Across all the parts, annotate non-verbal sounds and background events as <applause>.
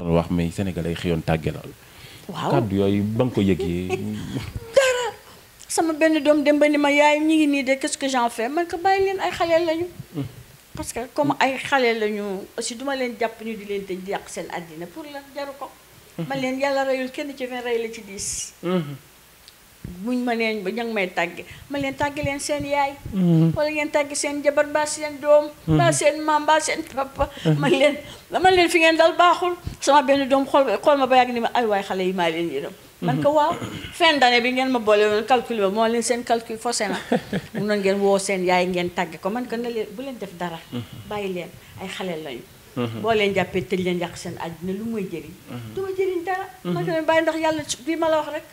wax mais sénégalais yi xëyoon tàgge la waaw kàddu yooyu ba nga ko yëgee dara sama benn doom dem ba ni ma yaay ñu ngi nii de qu'est-ce que j'en fais man ko bàyyi leen ay xale lañu parce que comme ay xale lañu aussi duma leen jàpp ñu di leen tëj di yàq seen àddina pour la jaru ko mm-hmm. man leen yàlla reyul kenn ci vingt rey la ci dix mm-hmm. buñ ma neen ba ñang may tàgge ma leen tàgge leen seen yaay mm-hmm. wala ngeen tàgge seen jabar ba seen doom mm-hmm. ba seen maam ba seen papa mm-hmm. man leen man leen fi ngeen dal baaxul sama benn doom xool xool ma ba yàgg ni ma ay waay xale yi maa leen yërëm man ko waaw fin d'année bi ngeen ma boole woon calcul ba moo leen seen calcul faussé na <laughs> mun na ngeen woo seen yaay ngeen tàgge ko man ko na leen bu leen def dara bàyyi leen ay xale lañu boo leen jàppee tëj leen yàq seen àddina lu muy jëriñ du ma jëriñ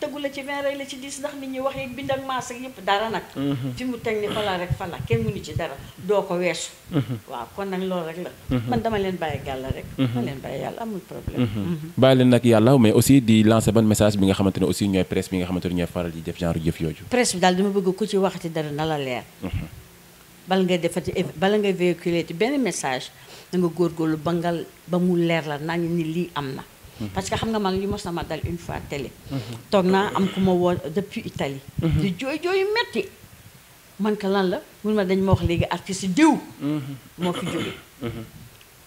tëggu ci vingt rey la ci dix ndax nit ñuy wax yeeg bind ak maas ak yëpp dara nag mhm. fi mu teg ni fala rek fala kenn mënu ci dara doo ko weesu mhm. waaw kon nag loolu rek la mhm. man dama leen bàyyi gàlla rek dama leen bàyyi yàlla amul problème bàyyi leen nag yàlla mais aussi di lancer ban message bi nga xamante ne aussi ñooy presse bi nga xamante ne ñooy faral di def genre jëf yooyu presse bi daal dama bëgg ku ci waxati dara na la leer bala ngay defati bala ngay véhiculer ci benn message da nga góorgóorlu ba nga ba leer la nañ ni lii am na Mhm. parce que xam nga man li mos na ma dal une télé. Mhm. toog naa am ku ma woo depuis Italie. Mhm. di jooy jooy metti man ko lan la mun ma dañ ma wax léegi artiste diw. moo fi jóge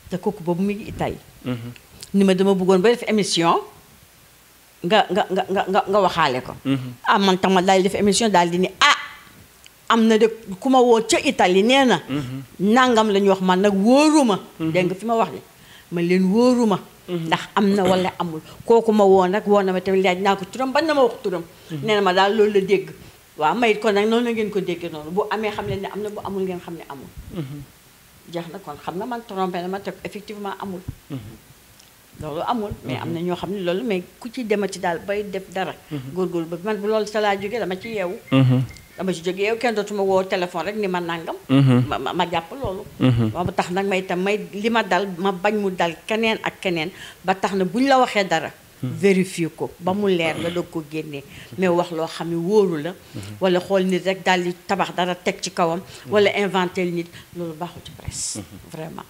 te kooku boobu mu ngi Italie. ni ma dama buggoon ba def émission. nga nga nga nga nga waxaale ko. ah man tam ma daal di def émission daal di ni ah. am na de ku ma woo ca Italie nee na. nangam la ñu wax man nag wóoruma. dégg nga fi ma wax ni man leen wóoruma. ndax am na wala amul kooku ma woon nag woon na ma tamit laaj naa ko turam ban na ma wax turam mhm. nee ma daal loolu la dégg waaw mayit kon nag noonu la ngeen ko déggee noonu bu amee xam leen ne am na bu amul ngeen xam ne amul mhm. jeex na kon xam na man trompé na ma teg effectivement amul mhm. loolu amul mais am na ñoo xam ne loolu mais ku ci demati daal bay def dara góorgóorlu ba man bu loolu sa laa jógee dama ci yeewu dama ci jógee yow kenn dootuma woo téléphone rek ni ma nangam. Mhm. ma ma jàpp loolu. Mhm. ba tax nag may tam may li ma dal ma bañ mu dal keneen ak keneen ba tax na ñu la waxee dara. Mhm. vérifier ko ba mu leer nga doog ko génnee mais wax loo xam ne wóoru la. wala xool nit rek daal di tabax dara teg ci kawam. wala inventer nit loolu baaxul ci presse. vraiment.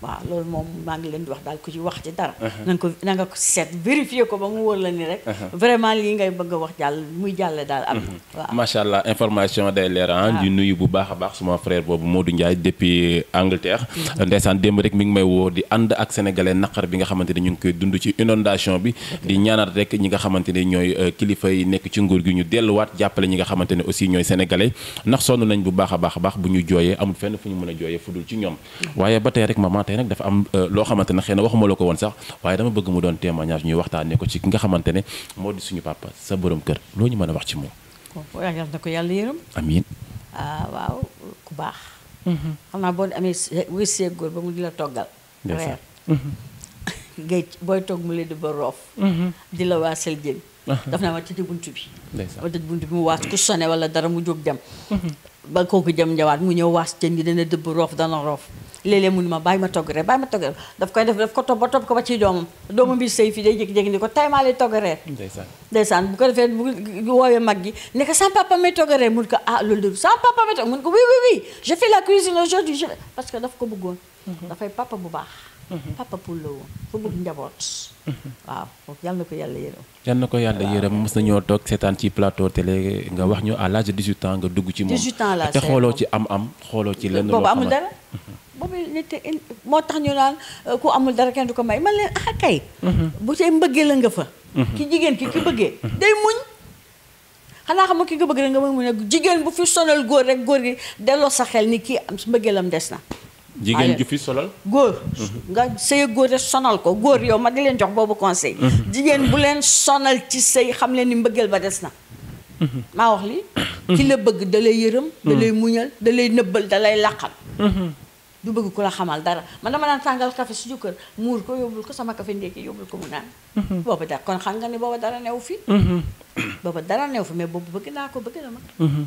waaw loolu moom maa ngi leen di wax daal ku ci wax ci dara uh-huh. na nga ko seet vérifier ko ba mu wóor la ni rek uh-huh. vraiment lii ngay bëgg wax jàll muy jàlle daal am uh-huh. waaw macha allah information day leer ah. di nuyu bu baax a baax suma frère boobu moo du Ndiaye depuis Angleterre mm-hmm. ndeysaan démb rek mi ngi may woo di ànd ak sénégalais naqar bi nga xamante ne ñu ngi koy dund ci inondation bi di ñaanal rek ñi nga xamante ne ñooy euh, kilifa yi nekk ci nguur gi ñu delluwaat jàppale ñi nga xamante ne aussi ñooy sénégalais ndax sonn nañ bu baax a baax a baax bu ñu jooyee amul fenn fu ñu mën a jooyee fu ci ñoom mm-hmm. tey nag dafa am euh, loo xamante ne xëy na waxuma la ko woon sax waaye dama bëgg mu doon témoignage ñuy waxtaanee ko ci ki nga xamante ne moo di suñu papa sa borom kër loo ñu mën a wax ci moom. kooku yàlla na ko ah, mm-hmm. ba mu di la toggal. reer mm-hmm. géej booy toog mu leen di ba roof. Mm-hmm. di la waasal jën. Uh-huh. daf naa ma tëj buntu bi. ma tëj buntu bi mu waas ku sone wala dara mu jóg dem. ba kooku jëm njawaat mu ñëw waas jën gi dana dëbb roof dana roof. léeg-léeg mu ne ma bàyyi ma togg reer bàyyi ma togg daf koy def daf ko topp ba topp ko ba ci doomam doomam bi sëy fii day jékki-jékki ni ko tey maa lay togg reer ndeysaan bu ko defee bu mag gi ne ko sama may togg reer mun ko ah loolu de sama papa mun ko oui oui oui je la cuisine aujourd'hui je parce que dafa ko bëggoon mhm. dafay papa bu baax mhm. papa pour la woon fu bëgg njaboot mhm. waaw yal na ko yàlla yërëm yal na ko yàlla yërëm mës nañoo toog seetaan ci plateau télé nga wax ñu à l'âge de 18 ans dugg ci moom 18 ans la xooloo ci am am xooloo ci lenn boobu amul boobu nit moo tax ñu naan euh, ku amul dara kenn du ko may man leen ah kay. Mm-hmm. bu see mbëggee la nga fa. Mm-hmm. ki jigéen ki ki bëggee. day muñ xanaa xam nga ki nga bëgg rek nga may muñ ne jigéen bu fi sonal góor rek delloo sa xel ni kii am mbëggeelam des na. jigéen ju góor mm-hmm. nga sëy góor sonal ko góor yow ma di leen jox boobu conseil jigéen bu leen sonal ci sëy xam leen ni mbëggeel ba des na maa wax li ki la bëgg da yërëm da lay muñal da lay nëbbal da lay làqal du bëgg ko la xamal dara man dama daan tàngal café suñu kër muur ko yóbbul ko sama café ndékki yóbbul ko mu naan mhm. booba dara kon xam nga ni booba dara new fi mhm. booba dara new fi mais boobu bëgg naa ko bëgg na ma mhm.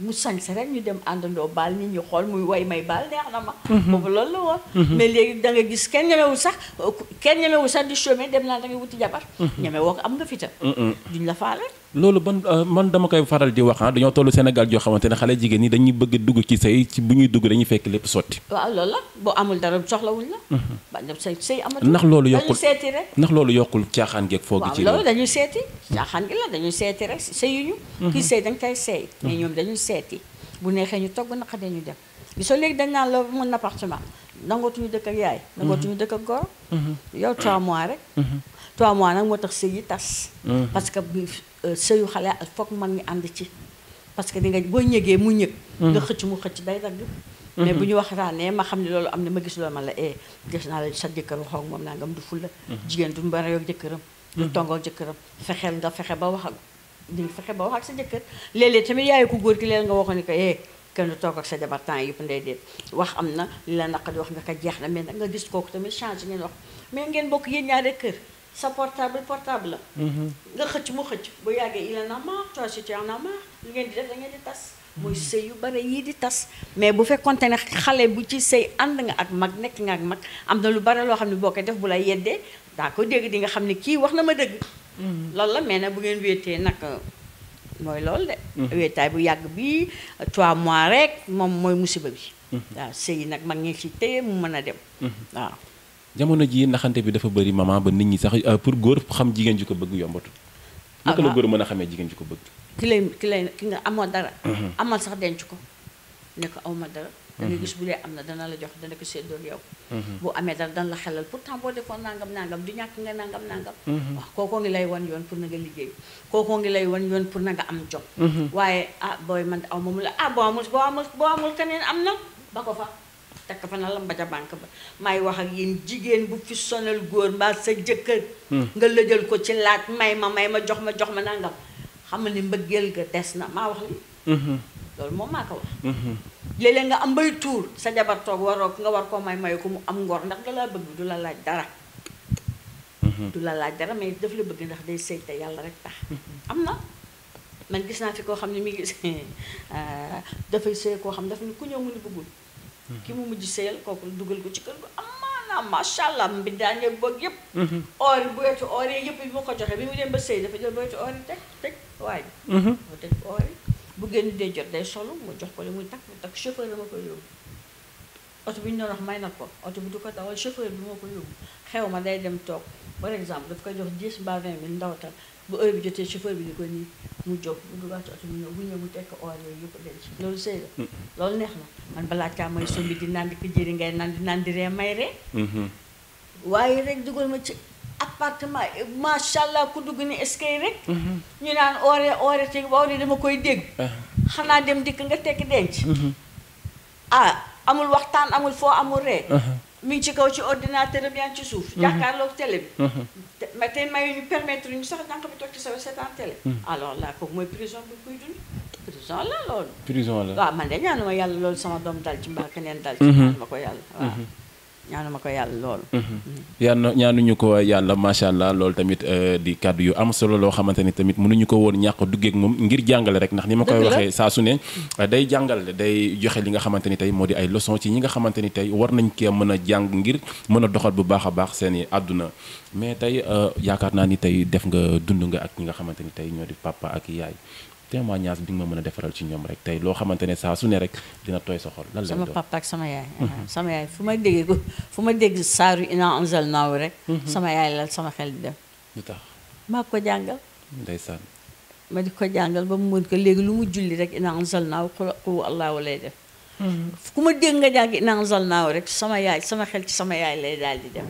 mu sañse rek ñu dem àndandoo baal nit ñu xool muy way may baal neex na ma boobu loolu la woon mais léegi da nga gis kenn ñemewul sax kenn ñemewul sax di chômer dem naa da wuti jabar ñeme woo ko am nga fitam duñ la faale loolu ban euh, man dama koy faral di wax ah dañoo tollu Sénégal joo xamante ne xale jigéen ñi dañuy bëgg dugg ci sëy ci bu ñuy dugg dañuy fekk lépp sotti. waaw loolu la boo amul dara soxlawuñ la. Mhm. ba sëy sëy ndax loolu yokkul seeti rek. ndax loolu yokkul caaxaan geeg foog ci loolu dañuy seeti caaxaan gi la dañuy seeti rek sëyuñu. Mhm. kii sëy dañ koy seey. Mhm. mais ñoom dañuy seeti bu neexee ñu togg naqa dañu dem gisoo léegi dañ naan la mën appartement nangootuñu dëkk ak yaay nangootuñu dëkk ak goro yow trois mois rek trois mois nag moo tax sëy yi tas parce que Euh, sëyu xale ak mag ñi ànd ci parce que di nga boo ñëgee mu ñëg mm-hmm. nga xëcc mu xëcc day dagg mm-hmm. mais bu ñu waxtaanee ma xam ne loolu am na ma gis loolu ma la ee eh, gis naa la sa jëkkër waxoo moom naa ngam du fulla mm-hmm. jigéen du mbara yoog jëkkëram du tongoog jëkkëram fexeel nga fexe ba wax ak di fexe ba wax ak sa jëkkër léeg-léeg tamit yaayu ko góor ki leen nga waxoon ni ko ee eh, kenn du toog ak sa jabar temps yëpp ndey déet wax am na li la naqadi wax nga ko jeex na mais nag nga gis kooku tamit changé ngeen wax mais ngeen bokk yéen ñaari kër sa portable portable la. Mhm. nga xëcc mu xëcc bu yàggee il en a marre toi si tu en as ngeen di def da di tas. mooy mhm. sëy yu bare yii di tas mais bu fekkonte ne xale bu ci sëy ànd nga ak mag nekk nga ak mag am na lu bare loo xam ne boo koy def bu la yeddee daa ko dégg di nga xam ne kii wax na ma dëgg. Mhm. loolu la mais nag bu ngeen wéetee nag euh, mooy loolu de. wéetaay bu yàgg bii trois mois rek moom mooy musiba bi. waaw sëy nag mag ngi ci téye mu mën a dem waaw. jamono jii naxante bi dafa bëri maman ba nit ñi sax euh, pour góor xam jigéen ji ko bëgg yombatul. ah naka la ah, góor ah. mën a xamee jigéen ji ko bëgg. ki lay ki lay ki nga amoo dara. Mhm. amal sax denc ko ne ko dara. Mhm. da nga gis bu dee am na dana la jox dana ko séddoon yow. Mhm. bu amee dara dana la xelal pourtant boo defoon nangam nangam du ñàkk nga nangam nangam. waaw kookoo ngi lay wan yoon pour na am jom. waaye ah booy man aw ma mu la ah boo amul boo amul boo amul am na ba ko fa. takk fa na la mbaja banque ba may wax ak yéen jigéen bu fi sonal góor mbaa sa jëkkër hmm. nga lëjal ko ci laaj may ma may ma jox ma jox ma nangam xamal ni mbëggeel ga des na maa wax li hmm. loolu moom maa ko wax hmm. léeg-léeg nga am bay tuur sa jabar toog waroo nga war koo may mayu ko mu am ngor ndax da laa bëgg du la laaj dara du la laaj dara mais daf la bëgg ndax day sëy te yàlla rek tax am na man gis naa fi koo xam ne mi ngi <laughs> ah, dafay sëy koo xam daf ni ku ñëw mu Mm-hmm. ki mu mujj sëyal kooku dugal ko ci kër gu amaana macha allah mbindaan yeeg boog yëpp. Mm-hmm. or bu wetu or yi yëpp bi mu ko joxee bi mu dem ba sëy dafa jël bu wetu or teg teg waaj. Mm-hmm. teg or bu génn dee jot day solu mu jox ko li muy takk mu takk chauffeur la ma koy yóbbu. oto bu ñu doon wax may nag ko oto bu du ko dawal chauffeur bi moo ko yóbbu xew ma day dem toog par exemple daf koy jox 10 mbaa 20 ndaw ndawtal bu heure bi jotee chauffeur bi ñu ko nii. mu jóg mu dugal ci oto mu ñëw mu tekk oil yooyu yëpp denc loolu sëy la loolu neex na man balaa caa may sombi di naan di ko jëri ngay naan di naan di ree may ree mm-hmm. waaye rek dugal ma ci appartement eh, macha allah ku dugg ni eskay rek mm-hmm. ñu naan oore oore te waaw ne dama koy dégg ah. xanaa dem dikk nga tekk denc mm-hmm. ah amul waxtaan amul foo amul ree uh-huh. mi ngi ci kaw ci ordinateur am yaa ngi ci suuf. Mhm. jàkkaarloog télé bi. Mhm. ma tey mayu ñu permettre ñu sax jànq bi toog ci sa a télé. Mhm. alors là kooku mooy prison bi kuy dund. prison la loolu. prison la waaw man de ñaanuma yàlla loolu sama doom dal ci mbaa keneen dal ci. ma ko yàlla waaw. ñaanu ma ko yàlla lool. ñaanu mhm. ñaanuñu ko yàlla macha allah loolu tamit euh, di kàddu yu am solo loo xamante ni tamit mënuñu ko woon ñàkk duggeek moom ngir jàngale rek ndax ni ma koy waxee saa su ne euh, day jàngale day joxe li nga xamante ni tey moo di ay leçon ci ñi nga xamante ni tey war nañ kee mën a jàng ngir mën a doxal bu baax a baax seeni àdduna mais tey euh, yaakaar naa ni tey def nga dund nga ak ñi nga xamante ni tey ñoo di papa ak yaay témoignage bi nga ma mën a defaral ci ñoom rek tey loo xamante ne saa su ne rek dina tooy sa xol lan lay doon sama papa ak sama yaay mhm. sama yaay fu ma déggee ma dégg saaru inaa anzal naaw mhm. xel ma di ko jàngal ba mu mën ko léegi lu mu julli rek inaa anzal naaw ku allahu lay def ku mhm. ma dégg nga jàng inaa anzal naaw rek sama yaay sama xel ci sama yaay lay daal di dem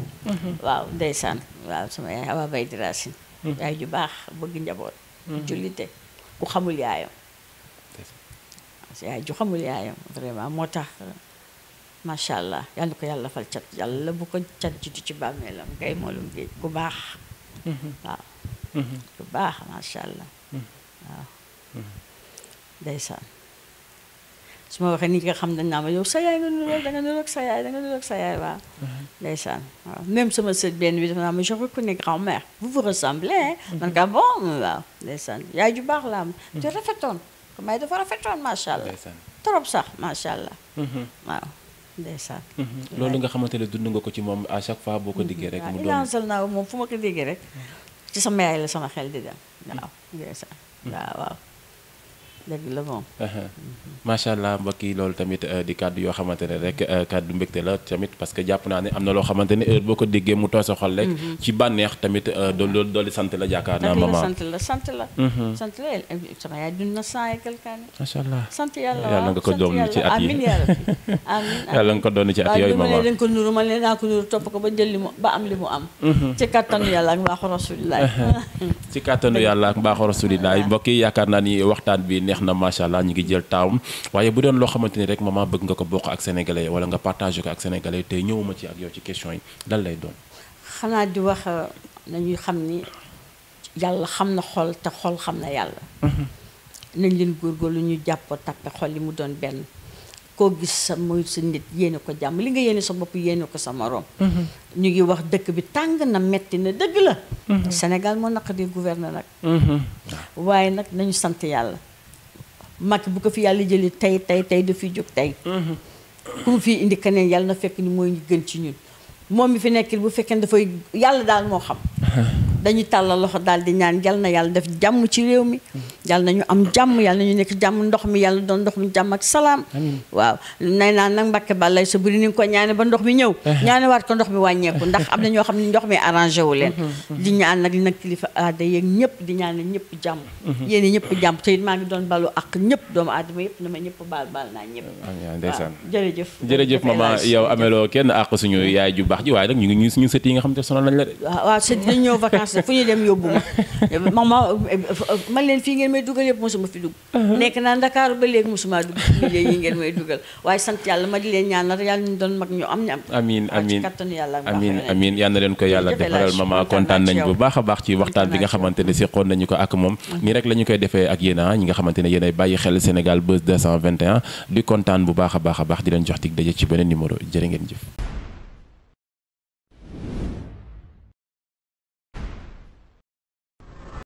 waaw ndeysaan waaw sama yaay Awa Bay yaay ju baax bëgg njaboot jullite ku xamul yaayam yaay ju xamul yaayam vraiment moo tax macha allah yal ko yàlla fal cat yàlla bu ko cat jiitu ci bàmmeelam kay moolum géej ku baax mm-hmm. waaw ku mm-hmm. baax macha allah mm-hmm. waaw su ma waxee nit nga xam dañ naa ma yow sa yaay nga nuroog da nga nuroog sa yaay da nga nuroog sa yaay waaw ndeysaan waaw même sama sët benn bi dafa naa ma je reconnais grand-mère vous vous ressemblez man ka yaay ju baax la am te rafetoon ko may dafa rafetoon macha allah trop sax macha allah mhm. waaw ndeysaan mhm. loolu nga xamante ne dund nga ko ci moom à chaque fois boo ko mhm. diggee rek mu doon fu ma ko déggee rek ci sama yaay la sama xel di dem waaw ndeysaan waaw waaw dëgg la moom. macha allah mbokk loolu tamit euh, di kàddu yoo xamante ne rek euh, kàddu mbégte la tamit parce que jàpp naa ne am na loo xamante ne heure boo ko déggee mu tooy sa xol rek. Mhm. ci bànneex tamit loolu euh, doole sant la jaakaar naa maman sant la sant la. Mhm. sant la sama yaay dund na cent et quelque année. macha allah sant yàlla yàlla nga ko doon ci at yi yàlla nga ko ko nuru ma ne naa ko nuru topp ko ba jël li mu ba am li mu am. Mhm. ci kàttanu yàlla ak mbaaxu rasulilaay. <laughs> ci <laughs> yaakaar naa ni waxtaan bi neex na macha allah ñu ngi jël taawam waaye bu doon loo xamante ni rek maman bëgg nga ko bokk ak sénégalais wala nga partagé ko ak sénégalais te ñëwuma ci ak yow ci question yi lan lay doon. xanaa di wax euh, nañuy xam ni yàlla xam na xol te xol xam na yàlla. Mm-hmm. nañ leen lu ñu jàppoo takk xol yi mu doon benn. koo gis sa muy sa nit ko jàmm li nga sa bopp yéene ko sa moroom mm-hmm. ñu ngi wax dëkk bi tàng na metti na dëgg la mm-hmm. Sénégal moo naq di gouverner nag waaye nag nañu sant yàlla Macky bu ko fi yàlla jëlee tey tey tey dafiy jóg tey. ku fii indi keneen yàlla na fekk ni mooy ñu gën ci ñun. moom mi fi nekk bu fekkee dafay yàlla daal moo xam. dañuy tàllal loxo daal di ñaan yal na yàlla def jàmm ci réew mi. yàlla nañu am jàmm yàlla nañu nekk jàmm ndox mi yàlla doon ndox mi jàmm ak salaam waaw nay naan nag mbàkke bàllay sa buri mi ñëw eh. ñaane waat ko ndox mi ñoo xam ne ndox mi arrangé wu leen mm-hmm, mm-hmm. di ñaan nag li nag kilifa aada yeeg ñëpp di ñaan ñëpp jàmm mm-hmm. yéen ñëpp jàmm te maa ngi doon balu ak ñëpp doomu aadama yëpp na ma ñëpp baal baal naa ñëpp ndeysaan jërëjëf jërëjëf maman yow ameloo kenn àq suñu yaay ju baax ji waaye nag ñu ngi ñu suñu yi nga xam te sonal nañ la de waaw sët dañ ñëw vacances fu ñu dem yóbbu ma <laughs> man leen fii ngeen may dugal yëpp mosuma fi dugg uh-huh. nekk naa ndakaaru ba léegi mosuma dugg milieu yi ngeen may dugal waaye sant yàlla ma di leen ñaanal yàlla ñu doon mag ñu am ñu am amiin yàlla na leen ko yàlla defaral mama kontaan nañ bu baax a baax ci waxtaan bi nga xamante ne seqoon nañu ko ak moom nii rek la ñu koy defee ak yéen ah, ñi nga xamante ne yéenay bàyyi xel Sénégal Buzz 221 di kontaan bu baax a baax a baax di leen jox dig daje ci beneen numéro jërë ngeen jëf